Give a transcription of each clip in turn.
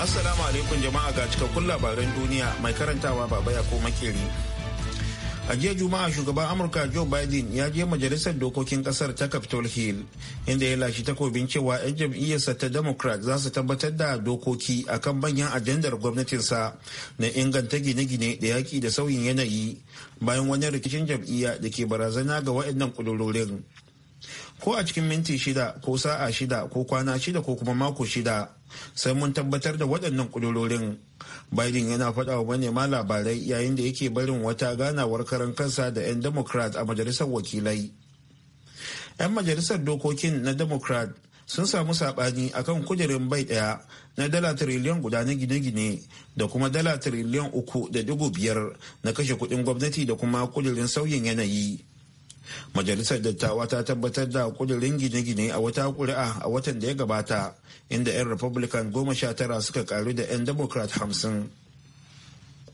Assalamu alaikum jama'a ga cikakkun labaran duniya mai karantawa baba ya ko makeri. A jiya Juma'a shugaban Amurka Joe Biden ya je majalisar dokokin kasar ta Capitol Hill inda ya lashi takobin cewa 'yan jam'iyyarsa ta Democrat za su tabbatar da dokoki akan manyan ajandar gwamnatinsa na inganta gine-gine da yaƙi da sauyin yanayi bayan wani rikicin jam'iyya da ke barazana ga waɗannan ƙudurorin. ko a cikin minti shida ko sa'a shida ko kwana shida ko kuma mako shida sai mun tabbatar da waɗannan ƙudurorin biden yana faɗa wa manema labarai yayin da yake barin wata ganawar karan kansa da 'yan democrat a majalisar wakilai 'yan majalisar dokokin na democrat sun samu saɓani akan kudirin bai ɗaya na dala tiriliyan guda na gine-gine da kuma dala tiriliyan uku da dubu biyar na kashe kuɗin gwamnati da kuma kudirin sauyin yanayi majalisar dattawa ta tabbatar da kudirin gine-gine a wata kuri'a a watan da ya gabata inda 'yan republican goma sha tara suka karu da 'yan democrat hamsin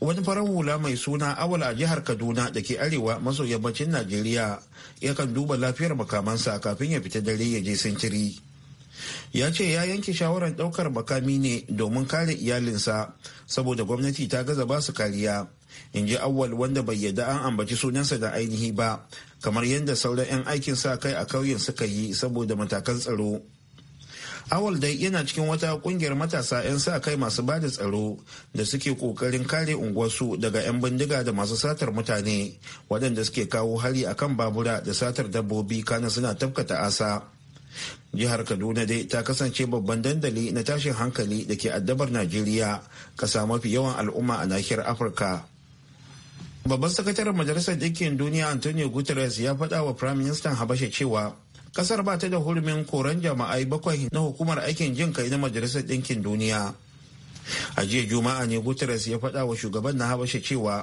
wani farar hula mai suna awal a jihar kaduna da ke arewa maso yammacin najeriya kan duba lafiyar makamansa kafin ya fita dare ya je sintiri ya ce ya yanke shawarar daukar makami ne domin kare iyalinsa saboda gwamnati ta gaza ba su kariya in ji awal wanda bai yadda an ambaci sunansa da ainihi ba kamar yadda sauran 'yan aikin sa kai a kauyen suka yi saboda matakan tsaro awal dai yana cikin wata kungiyar matasa 'yan sa kai masu ba da tsaro da suke kokarin kare unguwarsu daga 'yan bindiga da masu satar mutane waɗanda suke kawo hari a kan babura da satar dabbobi kana suna tafkata asa jihar kaduna dai ta kasance babban dandali na tashin hankali da ke addabar najeriya kasa mafi yawan al'umma a nahiyar afirka Babban sakataren Majalisar dinkin Duniya Antonio Guterres ya faɗa wa Prime Minister Habasha cewa kasar ba ta da hurumin koran jama'ai bakwai na hukumar aikin jin kai na Majalisar dinkin Duniya. A jiya Juma'a ne Guterres ya faɗa wa shugaban na Habasha cewa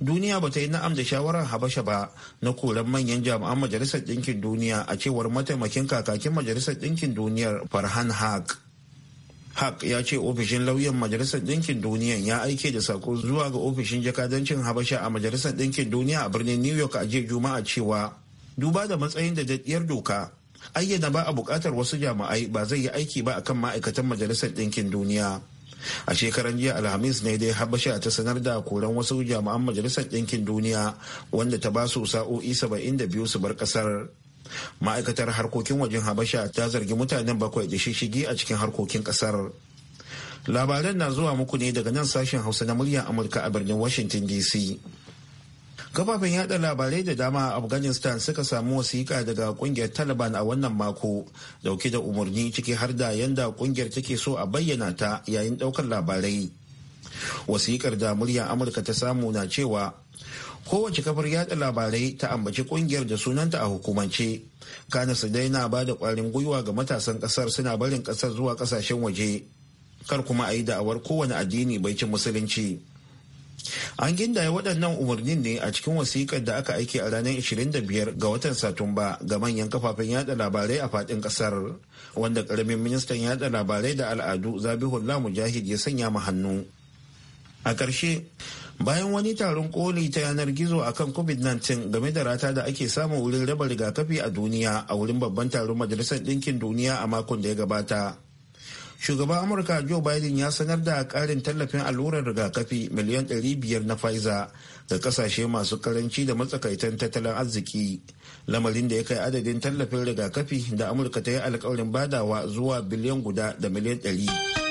duniya ba ta yi na'am da shawarar Habasha ba na koran manyan jami'an Majalisar dinkin Duniya a cewar mataimakin kakakin Majalisar dinkin Duniyar Farhan Haq. Haq ya ce ofishin lauyan Majalisar Ɗinkin Duniya ya aike da sako zuwa ga ofishin jakadancin Habasha a Majalisar Ɗinkin Duniya a birnin New York a jiya Juma'a cewa duba da matsayin da daddiyar doka ayyana ba a buƙatar wasu jami'ai ba zai yi aiki ba akan ma'aikatan Majalisar Ɗinkin Duniya. A shekaran jiya Alhamis ne dai Habasha ta sanar da koran wasu jami'an Majalisar Ɗinkin Duniya wanda ta ba su sa'o'i biyu su bar ƙasar. ma'aikatar harkokin wajen habasha ta zargi mutanen bakwai da shishigi a cikin harkokin kasar labaran na zuwa muku ne daga nan sashen hausa na muryar amurka a birnin washington dc kafafen yada labarai da dama a afghanistan suka samu wasiƙa daga kungiyar taliban a wannan mako dauke da umarni ciki har da yanda kungiyar take so a bayyana ta yayin ɗaukar labarai wasiƙar da muryar amurka ta samu na cewa kowace kafar yada labarai ta ambaci kungiyar da sunanta a hukumance kana su daina ba da kwarin gwiwa ga matasan kasar suna barin kasar zuwa kasashen waje kar kuma a yi da'awar kowane addini bai ci musulunci an gindaya waɗannan umarnin ne a cikin wasikar da aka aiki a ranar 25 ga watan satumba ga manyan kafafen yada labarai a faɗin ƙasar wanda ƙaramin ministan yada labarai da al'adu zabihullah mujahid ya sanya ma hannu a ƙarshe bayan wani taron koli ta yanar gizo a kan covid-19 game da rata da ake samu wurin raba rigakafi a duniya a wurin babban taron majalisar ɗinkin duniya a makon da ya gabata shugaban amurka joe biden ya sanar da ƙarin tallafin allurar rigakafi miliyan 500 na pfizer ga kasashe masu karanci da matsakaitan tattalin arziki lamarin da ya kai adadin tallafin rigakafi da amurka ta yi alkawarin badawa zuwa biliyan guda da miliyan 100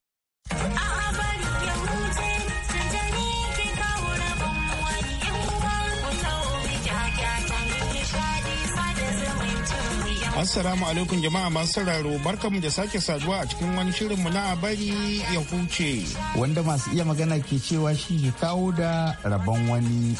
Assalamu alaikum jama'a masu sauraro barkamu da sake saduwa a cikin wani shirinmu na bari ya huce. Wanda masu iya magana ke cewa shi kawo da rabon wani.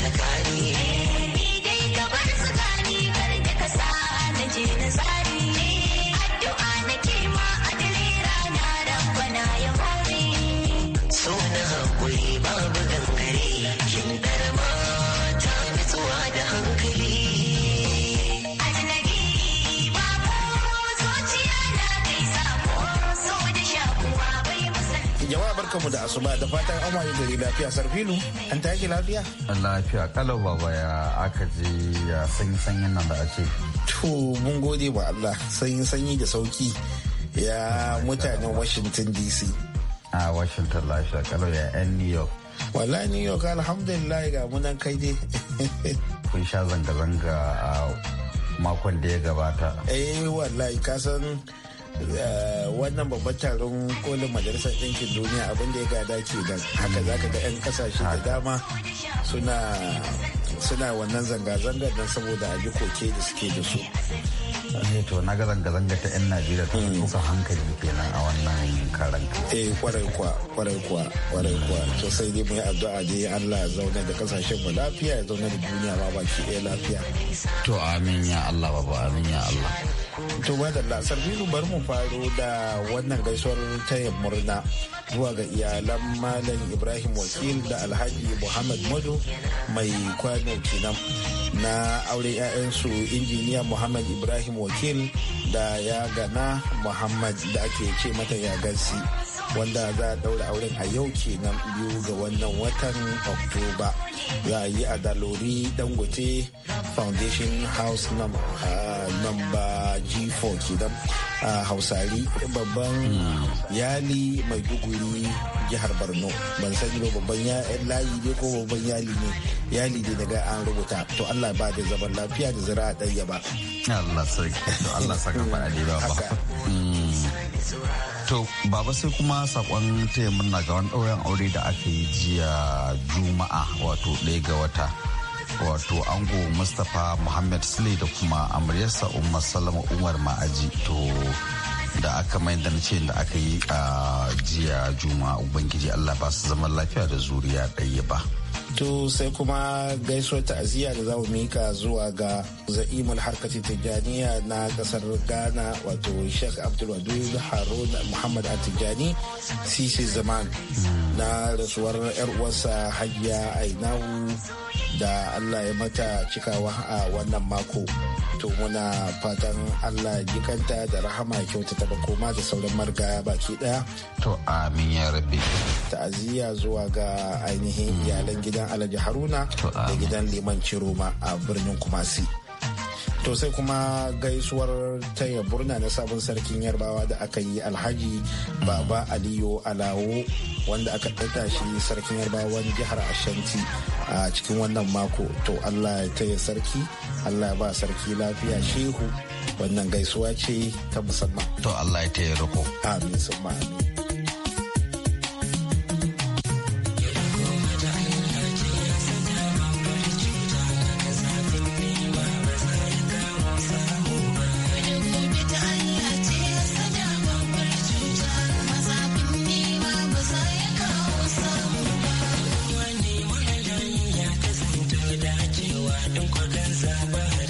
na kari mu da asuba da fatan an waye gari lafiya sarfilu an tashi lafiya lafiya kalau baba ya aka je ya sanyi sanyin nan da a ce to mun gode wa Allah sanyi sanyi da sauki ya mutanen Washington DC a Washington lafiya kalau ya yan New York wallahi New York alhamdulillah ga munan kai dai kun sha zanga zanga a makon da ya gabata eh wallahi kasan Eh, wannan babban taron kolin majalisar ɗinkin duniya abin da ya gada ke da haka za ka ga 'yan kasashe da dama suna suna wannan zanga-zangar don saboda a koke da suke da su eh, to na ga zanga-zanga ta 'yan najeriya ta tuka hmm. hankali kenan a wannan karan eh kwarai kwa kwarai kwa kwarai kwa to sai dai mu yi addu'a dai Allah ya zauna da kasashen mu lafiya ya zauna da duniya ma baki ɗaya lafiya to amin ya Allah babu amin ya Allah To madalla Sarfilu bari mu faro da wannan gaisuwar taya murna zuwa ga iyalan Malam Ibrahim Wakil da Alhaji Muhammad Mado mai kwano kenan na aure 'ya'yansu injiniya Muhammad Ibrahim Wakil da ya gana Muhammad da ake ce mata ya gasi. wanda za a daura auren a yau kenan biyu ga wannan watan oktoba za a yi a dalori dangote foundation house namba ah, g4 kenan a hausari babban yali mai maiduguri jihar borno ban sani ba babban layi ne ko babban yali ne yali ne daga an rubuta to allah ba da zaman lafiya da a ɗaya ba allah sarki allah saka faɗa ba To, baba sai kuma sakon taya murna ga wani ɗauren aure da aka yi jiya Juma'a wato ɗaya ga wata. Wato ango Mustapha Muhammad Sule da kuma amaryarsa Umar Salama Umar Ma'aji to da aka mai da nace da aka yi a jiya Juma'a Ubangiji Allah ba su zaman lafiya da zuriya ɗaya ba. to sai kuma gaisuwar ta'aziyya da za mu mika zuwa ga za'imul harkati tijjaniya na kasar ghana wato sheikh abdulwadud harun muhammad atijani sisi zaman na rasuwar yar uwarsa hajiya ainahu da allah ya mata cikawa a wannan mako to muna fatan allah jikanta da rahama kyauta ta koma da sauran margaya baki daya to amin ya rabe ta'aziyya zuwa ga ainihin iyalan gida gidan alhaji haruna da gidan liman ciroma a birnin kumasi to sai kuma gaisuwar taya burna na sabon sarkin yarbawa da aka yi alhaji baba aliyo alawo wanda aka ɗaga shi sarkin yarbawan jihar ashanti a cikin wannan mako to allah ya taya sarki allah ya ba sarki lafiya shehu wannan gaisuwa ce ta musamman to allah ya taya rako amin sun amin faɗin kudin zaɓen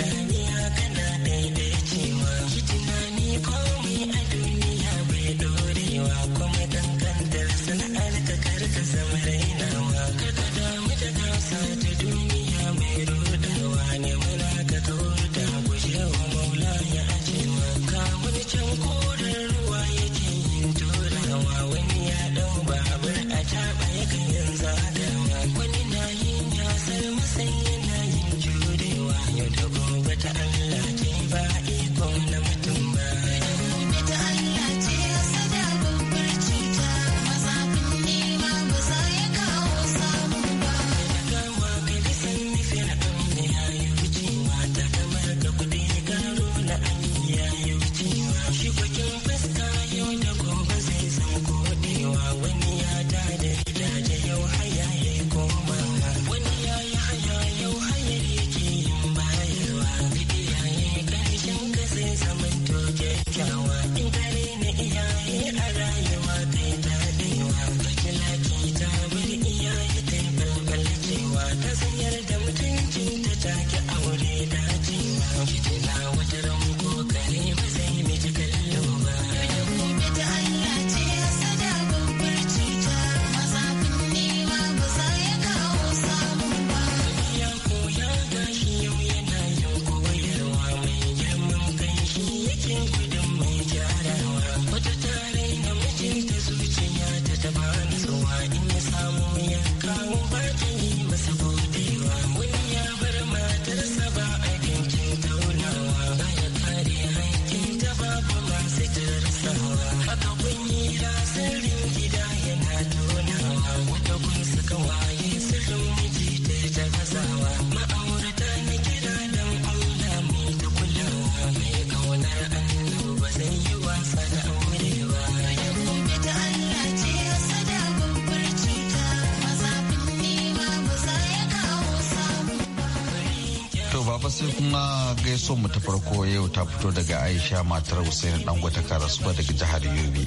kuma gaiso mu ta farko yau ta fito daga aisha matar husaini dangote karasuwa daga jihar yobe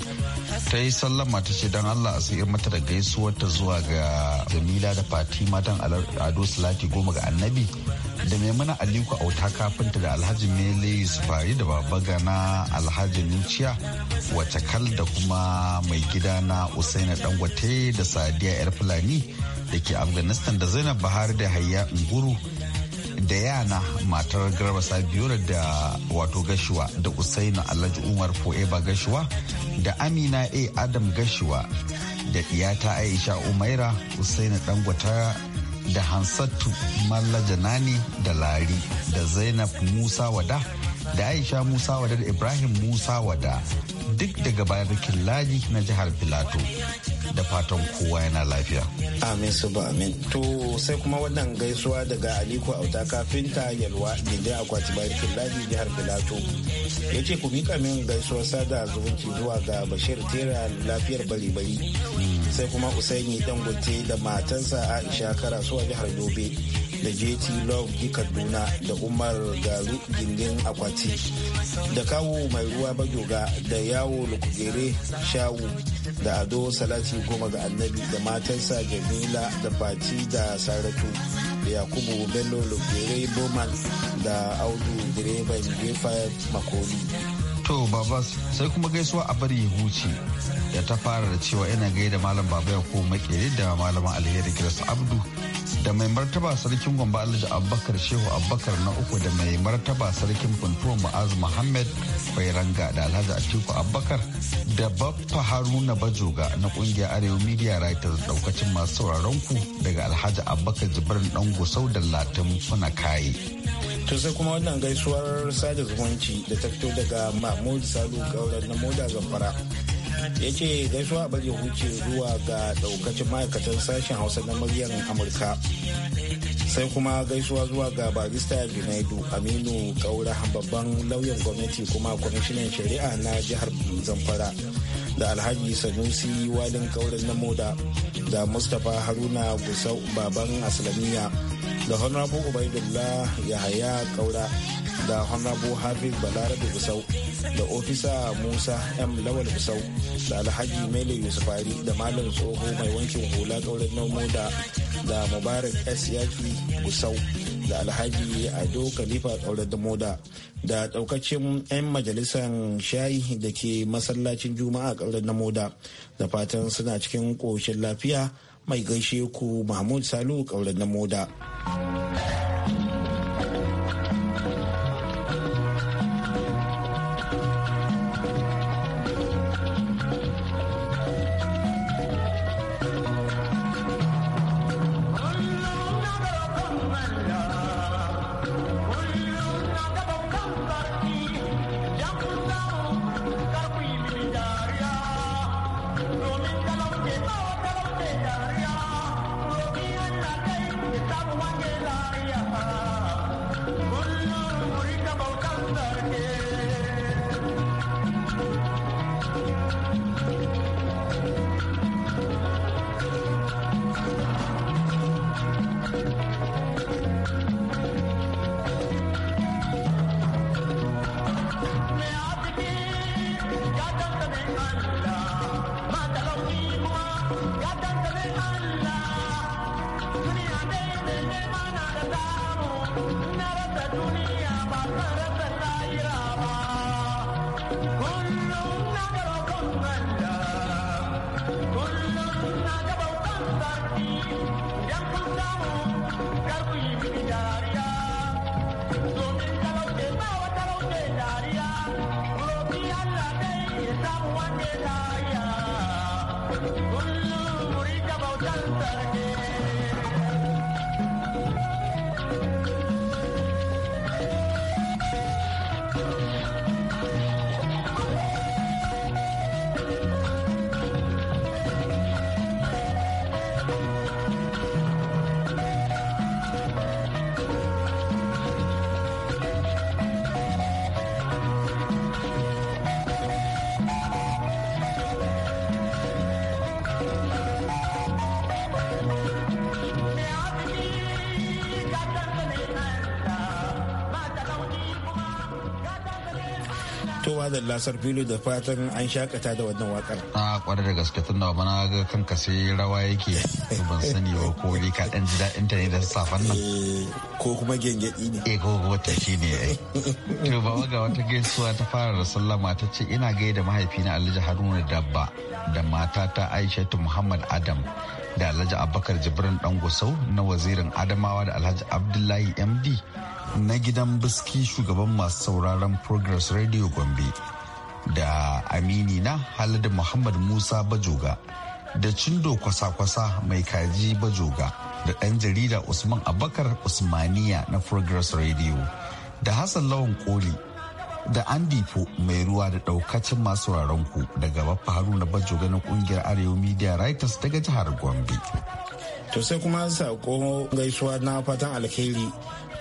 ta yi sallama ta ce don allah a sayar mata da gaisuwar ta zuwa ga jamila da fatima don ado salati goma ga annabi da maimuna aliku auta kafinta da alhaji mele yusufari da baba gana alhaji nuciya wacce kal da kuma mai gida na usaina dangote da sadiya yar fulani da ke afghanistan da zainab bahar da hayya unguru da yana matar garba sabiyura da wato gashuwa da usainu alhaji umar fo'eba gashuwa da amina a adam gashuwa da ɗiyata aisha umaira usainu dangwata da hansattu malla da lari da zainab musa wada da aisha musa wada da ibrahim musa wada duk daga bayan rikin laji na jihar filato da fatan kowa yana lafiya amin su ba amin to sai kuma wannan gaisuwa daga aliko auta kafin kafinta yalwa gindin akwati bayan barikin laji jihar filato ya ce ku mika min gaisuwar sada zumunci zuwa ga bashir tera lafiyar bari-bari hmm. sai kuma usaini dangote da matansa aisha karasuwa jihar dobe da jt love kaduna da umar garu gindin akwati da kawo mai ruwa bajoga da yawo lukugere shawu da ado salati goma ga annabi da matansa jamila da fati da saratu da yakubu bello lukugere boman da audu direban g5 makoli to babas sai kuma gaisuwa a bari ya huce da ta fara da cewa yana gaida malam baba ya ko makere da malaman alheri grace abdu da mai martaba sarkin gwamba alhaji abubakar shehu abubakar na uku da mai martaba sarkin kuntuwa ma'az muhammad bairanga da alhaji atiku abubakar da baffa haruna bajoga na kungiyar arewa media writers daukacin masu sauraron ku daga alhaji abubakar jibrin dan gusau da latin funa kayi to sai kuma wannan gaisuwar sada zumunci da ta fito daga mahmud salu gaurar na moda zamfara ya ce gaisuwa a bari huce zuwa ga daukacin ma'aikatan sashen hausa na muryar amurka sai kuma gaisuwa zuwa ga barista binaidu aminu kaura babban lauyan gwamnati kuma kwamishinan shari'a na jihar zamfara da alhaji sanusi walin kaurin na moda da mustapha haruna gusau baban aslamiya da honorable ubaidullah yahaya kaura da honorable hafiz balarabe gusau da ofisa musa m lawal gusau da alhaji mele yusufari da malam tsoho mai wankin hula ƙaurin nomo da da mubarak s yaki gusau da alhaji ado khalifa ƙauren da moda da ɗaukacin 'yan majalisar shayi da ke masallacin juma'a ƙauren na moda da fatan suna cikin ƙoshin lafiya mai gaishe ku mahmud salu ƙaurin na moda. America. lasar filo da fatan an shakata da wannan wakar. Na kware da gaske tun da bana ga kanka sai rawa yake ban sani ba ko ni ka dan ji daɗin da safan nan. Eh, ko kuma gengedi ne. Eh ko wata shi ne ai. Eh. To ba ga wata gaisuwa ta fara da sallama ta ce ina gaida mahaifina Alhaji Haruna Dabba da matata Aishatu Muhammad Adam da Alhaji Abubakar Jibrin gusau na wazirin Adamawa da Alhaji Abdullahi MD na gidan biski shugaban masu sauraron progress radio gombe da amini na haladu muhammad musa bajoga da cindo kwasa-kwasa mai kaji bajoga da ɗan jarida usman abakar usmaniya na progress radio da hassan lawan koli da andifo mai ruwa da ɗaukacin masu ku daga bafa haruna bajoga na ƙungiyar arewa media writers daga jihar gombe to sai kuma saƙo gaisuwa na fatan alkhairi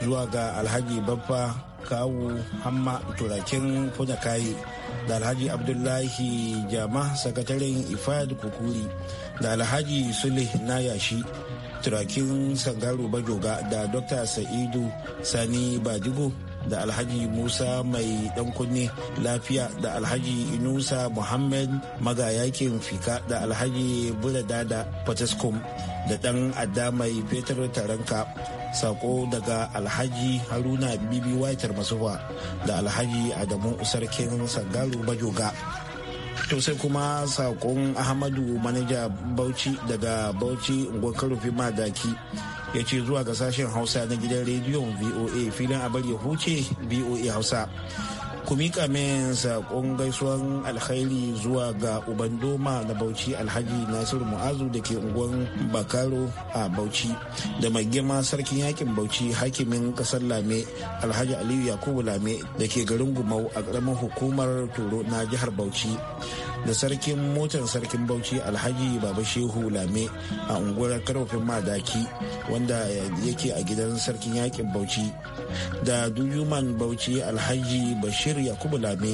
zuwa ga alhaji babba kawu hamma turakin kunya kayi da alhaji abdullahi jama sakataren ifad kukuri da alhaji sulih na yashi turakin sangaro bajoga da dr sa'idu sani badigo da alhaji musa mai dan kunne lafiya da alhaji inusa muhammad magayakin fika da alhaji buladada fataskum da dan adda mai fetur taranka sako daga alhaji haruna bibi waitar masufa da alhaji adamu sarkin sangaru bajoga to sai kuma sakon ahmadu manaja bauchi daga bauchi rufi rufe madaki ya ce zuwa ga sashen hausa na gidan rediyon voa filin abar ya huce voa hausa ku mika min saƙon gaisuwan alkhairi zuwa ga uban doma na bauchi alhaji nasiru mu'azu da ke unguwan bakaro a bauchi da mai girma sarkin yakin bauchi hakimin ƙasar lame alhaji aliyu yakubu lame da ke garin gumau a ƙaramin hukumar turo na jihar bauchi da sarkin motar sarkin bauchi alhaji baba shehu lame a unguwar karfafin madaki wanda eh, yake a gidan sarkin yakin bauchi da duyuman bauchi alhaji bashir yakubu lame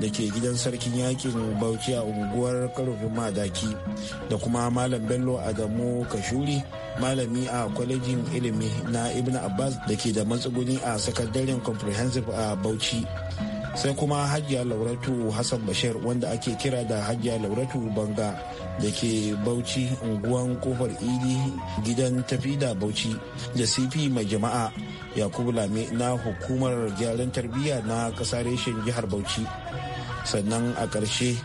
da ke gidan sarkin yakin bauchi a unguwar karfafin madaki da kuma malam bello adamu kashuri malami a kwalejin ilimi na ibn abbas da ke da matsuguni a sakandaren comprehensive a bauchi sai kuma hajiya lauratu hassan bashir wanda ake kira da hajiya lauratu banga da ke bauchi unguwan kofar idi gidan tafi da bauchi da cp mai jama'a yakubu lami na hukumar gyaran tarbiyya na kasar reshen jihar bauchi sannan a ƙarshe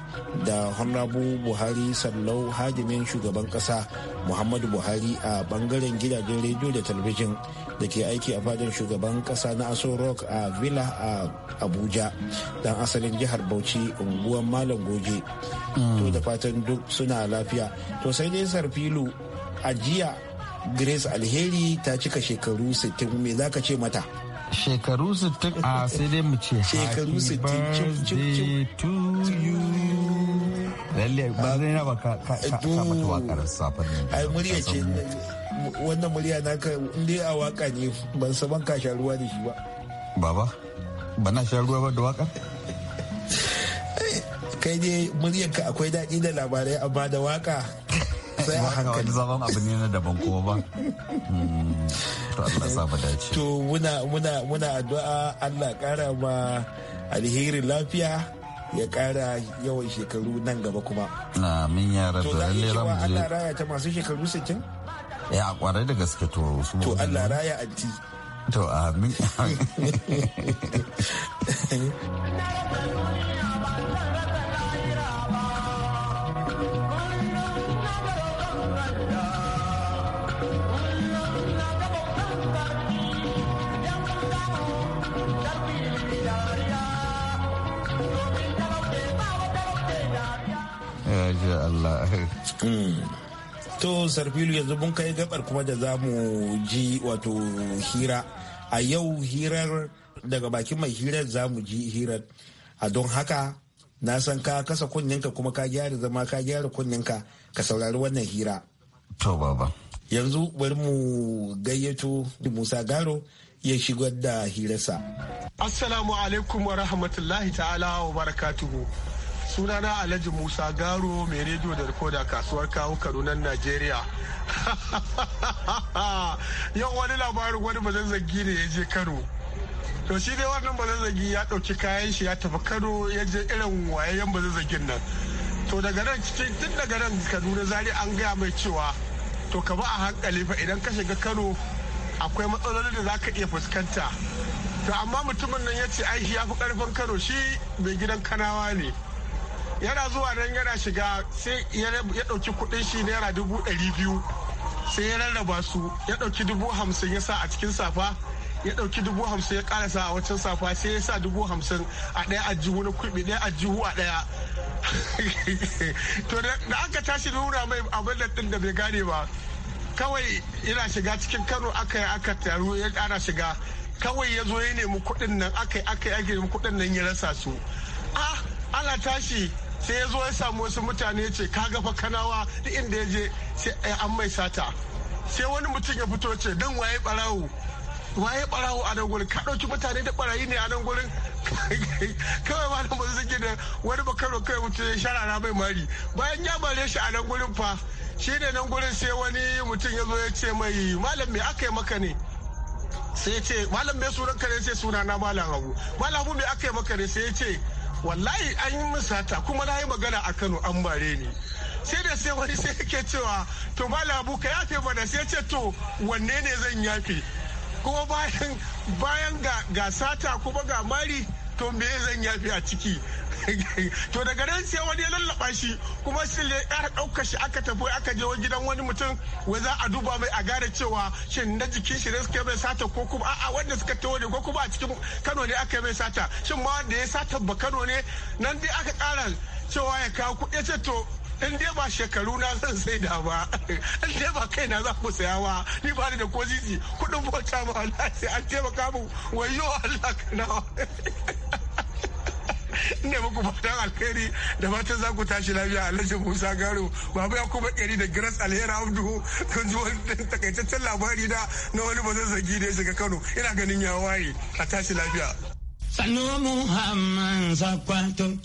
da honrabu buhari sallau hajimin shugaban ƙasa muhammadu buhari a bangaren gidajen rediyo da talabijin da ke aiki a fadin shugaban ƙasa na aso rock a villa a abuja dan asalin jihar bauchi unguwar malam goje to da fatan duk suna lafiya to sai dai sarfilu a jiya grace alheri ta cika shekaru 60 me ka ce mata shekaru 60 a sai dai mu ce shekaru 60 to you lalle ba zai na ba ka mata wakar safar ai murya ce eh, wannan murya naka inda a waka ne ban saban ka sha ruwa da shi ba baba bana sha ruwa ba da waka kai dai muryarka akwai daɗi da labarai amma da waka sai a hankali zaman abu ne na daban kuma ba hmm. to Allah sa mu dace to muna muna muna addu'a Allah kara ma alheri lafiya ya kara yawan shekaru nan gaba kuma amin ya rabbi lalle ramu Allah raya ta masu shekaru 60 ya eh, kwarai da gaske to su to Allah raya anti to amin ya Allah. Hmm. To Sarfilu yanzu mun kai gabar kuma da zamu ji wato hira. A yau hirar daga bakin mai hirar zamu ji hirar. A don haka na san ka kasa kunninka kuma ka gyara zama ka gyara kunninka ka saurari wannan hira. To baba. Yanzu bari mu gayyato Musa Garo ya shigar da hirarsa. Assalamu alaikum wa rahmatullahi ta'ala wa barakatuhu. sunana alhaji musa garo mai rediyo da rikoda kasuwar kawo kanunan nigeria yau wani labarin wani bazazzagi ne ya je kano to shi dai wannan bazazzagi ya dauki kayan shi ya tafi kano ya je irin wayayyen bazazzagin nan to daga nan cikin tun daga nan kaduna zari an gaya mai cewa to ka ba a hankali fa idan ka shiga kano akwai matsaloli da za ka iya fuskanta to amma mutumin nan ya ce ai ya fi karfin kano shi mai gidan kanawa ne yana zuwa nan yana shiga sai ya ɗauki kuɗin shi naira dubu ɗari biyu sai ya rarraba su ya ɗauki dubu hamsin ya sa a cikin safa ya ɗauki dubu hamsin ya sa a wancan safa sai ya sa dubu hamsin a ɗaya jihu na kuɗi ɗaya jihu a ɗaya to da aka tashi nuna mai abin da ɗin da bai gane ba kawai yana shiga cikin kano aka yi aka taru ya ƙara shiga kawai ya zo ya nemi kuɗin nan aka yi aka yi aka nemi kuɗin nan ya rasa su ah ana tashi sai ya zo ya samu wasu mutane ce ka gafa kanawa duk inda ya je sai eh, an mai sata sai wani mutum ya fito ce don waye barawo waye barawo a nan gurin ka ɗauki mutane da barayi ne a nan gurin kawai ma da masu suke da wani bakaro kai mutum ya sharara mai mari bayan ya bare shi a nan gurin fa shi ne nan gurin sai wani mutum ya zo ya ce mai malam me aka yi maka ne sai ya ce malam me sunan kare sai suna na malam abu malam abu me aka yi maka ne sai ya ce wallahi an yi min sata kuma na yi magana a kano an bare ni sai da sai wani sai yake cewa to malabu ka yafe mana sai ce to wanne ne zan yafe kuma bayan bayan ga, sata kuma ga mari to me zan yafi a ciki to daga nan sai wani ya lallaba shi kuma shi ya dauka shi aka tafi aka je gidan wani mutum wai za a duba mai a gane cewa shin na jikin shi ne suka mai sata ko kuma a'a wanda suka tawo ne ko kuma a cikin Kano ne aka mai sata shin ma wanda ya sata ba Kano ne nan dai aka kara cewa ya kawo kuɗi ya to in dai ba shekaru na zan sai da ba in dai ba kaina za ku saya ba ni ba da ko kuɗin bota ma wallahi sai an taimaka mu wayo Allah kana ne muku fatan alheri da matan za ku tashi lafiya alhaji musa garo babu ya kuma da grace alheri abdu don ji wani takaitaccen labari da na wani zagi da ya shiga kano ina ganin ya waye a tashi lafiya. sanu muhammad zakwato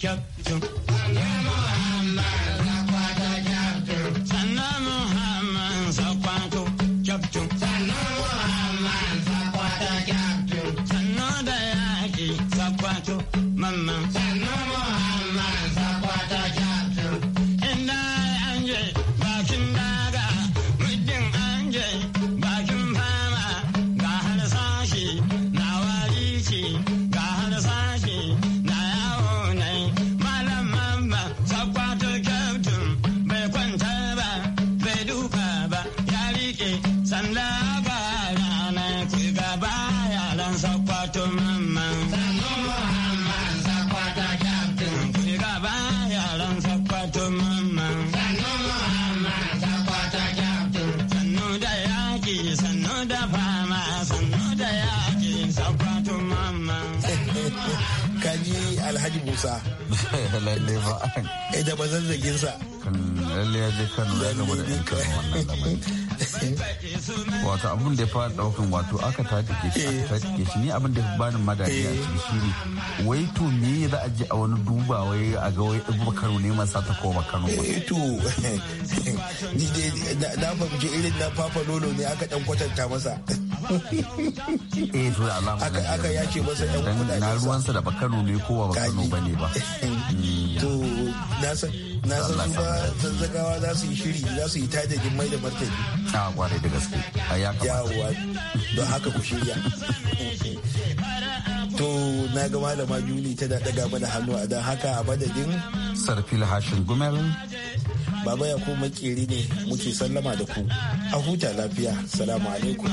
hausa lalle ba eh da bazazzagin sa lalle ya je wannan lamarin wato abin da ya fara daukan wato aka ke shi aka shi ne abin da ya bani madadi a ciki shi ne wai to me za a je a wani duba wai a ga wai ibu kano ne masa ta ko kano ba eh, to ni dai na fahimci irin na fafa nono ne aka dan kwatanta masa eh to da alamu aka yace masa yan kudaden na ruwansa da bakano ne kowa bakano bane ba to na san na san su ba zazzagawa za su yi shiri za su yi tadadin mai da martani a kwarai da gaske a ya kamata yawa don haka ku shirya na ga malama juli tana daga mana hannu a don haka a madadin sarfil hashin gumel baba ya ko makeri ne muke sallama da ku a huta lafiya salamu alaikum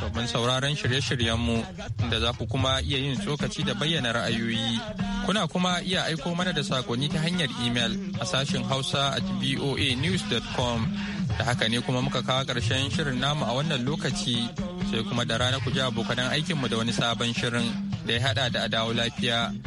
domin sauraron shirye-shiryenmu da za ku kuma iya yin tsokaci da bayyana ra'ayoyi. Kuna kuma iya aiko mana da sakonni ta hanyar imel a sashen Hausa at voanews.com. Da haka ne kuma muka kawo ƙarshen shirin namu a wannan lokaci sai kuma da rana ku ji abokanan aikinmu da wani sabon shirin da ya haɗa da adawo lafiya.